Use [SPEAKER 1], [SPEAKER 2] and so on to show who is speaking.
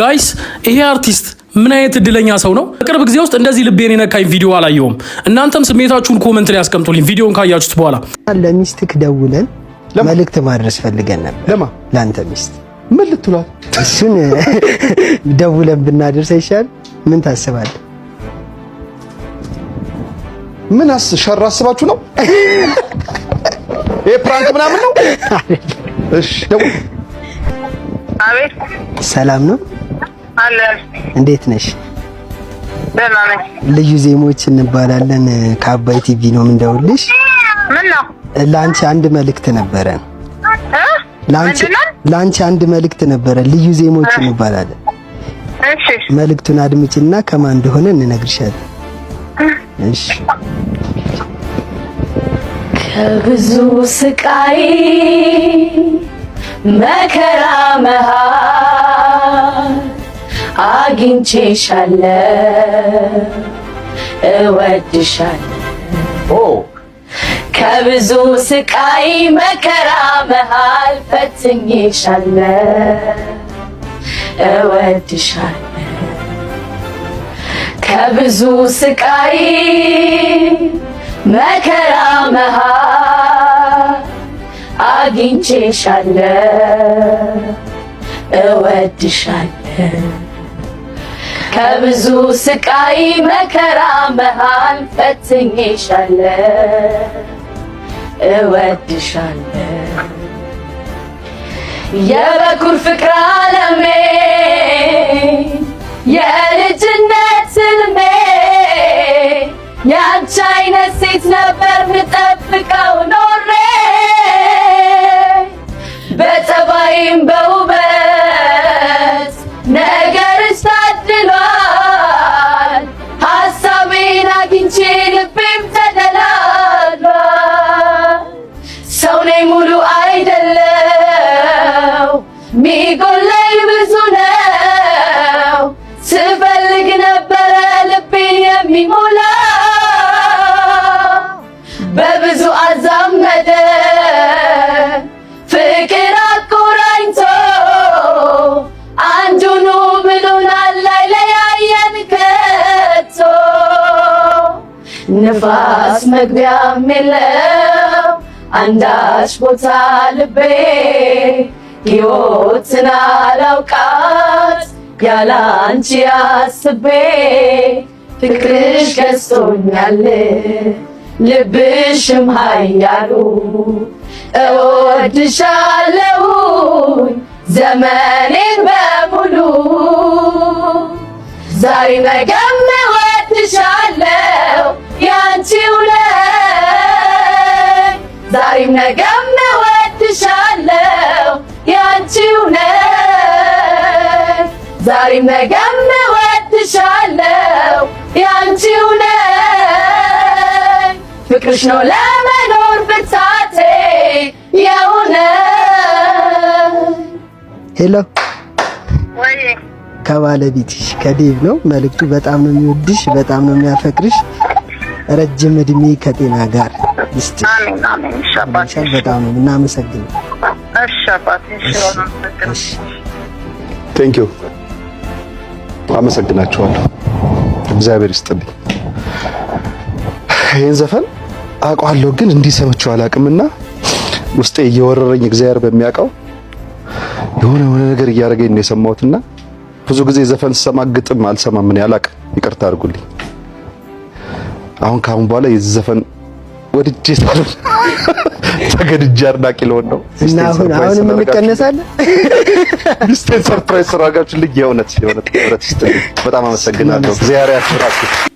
[SPEAKER 1] ጋይስ ይሄ አርቲስት ምን አይነት እድለኛ ሰው ነው! በቅርብ ጊዜ ውስጥ እንደዚህ ልቤን የነካኝ ቪዲዮ አላየውም። እናንተም ስሜታችሁን ኮመንት ላይ አስቀምጡልኝ፣ ቪዲዮን ካያችሁት በኋላ
[SPEAKER 2] ለሚስትክ ደውለን መልእክት ማድረስ ፈልገን ነበር። ለማ ለአንተ ሚስት ምን ልትሏል? እሱን ደውለን ብናደርስ ይሻል። ምን ታስባለህ?
[SPEAKER 1] ምን ሸራ አስባችሁ ነው? ይሄ ፕራንክ ምናምን ነው። እሺ ደውል።
[SPEAKER 3] አቤት፣
[SPEAKER 2] ሰላም ነው እንዴት ነሽ? ልዩ ዜሞች እንባላለን። ከአባይ ቲቪ ነው የምንደውልሽ። ነው? ለአንቺ አንድ መልእክት ነበረ። ለአንቺ አንድ መልእክት ነበረ። ልዩ ዜሞች እንባላለን። እሺ፣ መልእክቱን አድምጭና ከማን እንደሆነ እንነግርሻለን። እሺ።
[SPEAKER 4] ከብዙ ስቃይ መከራ መሃል አግኝቼሻለሁ፣ እወድሻለሁ ከብዙ ስቃይ መከራ መሃል ፈትኜሻለሁ፣ እወድሻለሁ ከብዙ ስቃይ መከራ መሃል አግኝቼሻለሁ፣ እወድሻለሁ ከብዙ ስቃይ መከራ መሃል ፈትኜሻለሁ፣ እወድሻለ የበኩር ፍቅር አለሜ ሚጎለኝ ብዙ ነው ስፈልግ ነበረ ልቤን የሚሞላ በብዙ አዛመደ ፍቅር አቆራኝቶ አንዱኑ ብሎናል ላይ ለያየን ከቶ ንፋስ መግቢያም የለው አንዳች ቦታ ልቤ ሕይወትን አላውቃት ያላንቺ አስቤ ፍቅርሽ ገዝቶኛል ልብሽም እወድሻለሁ ዘመኔን በሙሉ ዛሬ ነገም እወድሻለሁ ያንቺው ነገም ያንቺው ነሽ ዛሬም ነገም እወድሻለሁ ያንቺው ነሽ ፍቅርሽ ነው ለመኖር ብርታቴ የእውነት
[SPEAKER 2] ሄሎ ከባለቤትሽ ከዴቭ ነው መልእክቱ። በጣም ነው የሚወድሽ፣ በጣም ነው የሚያፈቅርሽ። ረጅም እድሜ ከጤና ጋር ይስጥሽ። በጣም ነው እናመሰግናለን።
[SPEAKER 1] ቴንኪው አመሰግናችኋለሁ። እግዚአብሔር ይስጥልኝ። ይህን ዘፈን አውቀዋለሁ ግን እንዲህ ሰምቼው አላውቅምና ውስጤ እየወረረኝ እግዚአብሔር በሚያውቀው የሆነ የሆነ ነገር እያደረገኝ ነው የሰማሁትና ብዙ ጊዜ ዘፈን ስሰማ ግጥም አልሰማም። ምን ያላቅ ይቅርታ አድርጉልኝ። አሁን ካሁን በኋላ የዚህ ዘፈን ወድጄ ሳልሆን ተገድጄ አድናቂ ልሆን ነው።
[SPEAKER 2] እና አሁን አሁን ምን እንቀነሳለን።
[SPEAKER 1] ሚስቴን ሰርፕራይዝ ስራ አጋችሁ ልጅ የእውነት የእውነት በጣም አመሰግናለሁ። እግዚአብሔር ያስብራችሁ።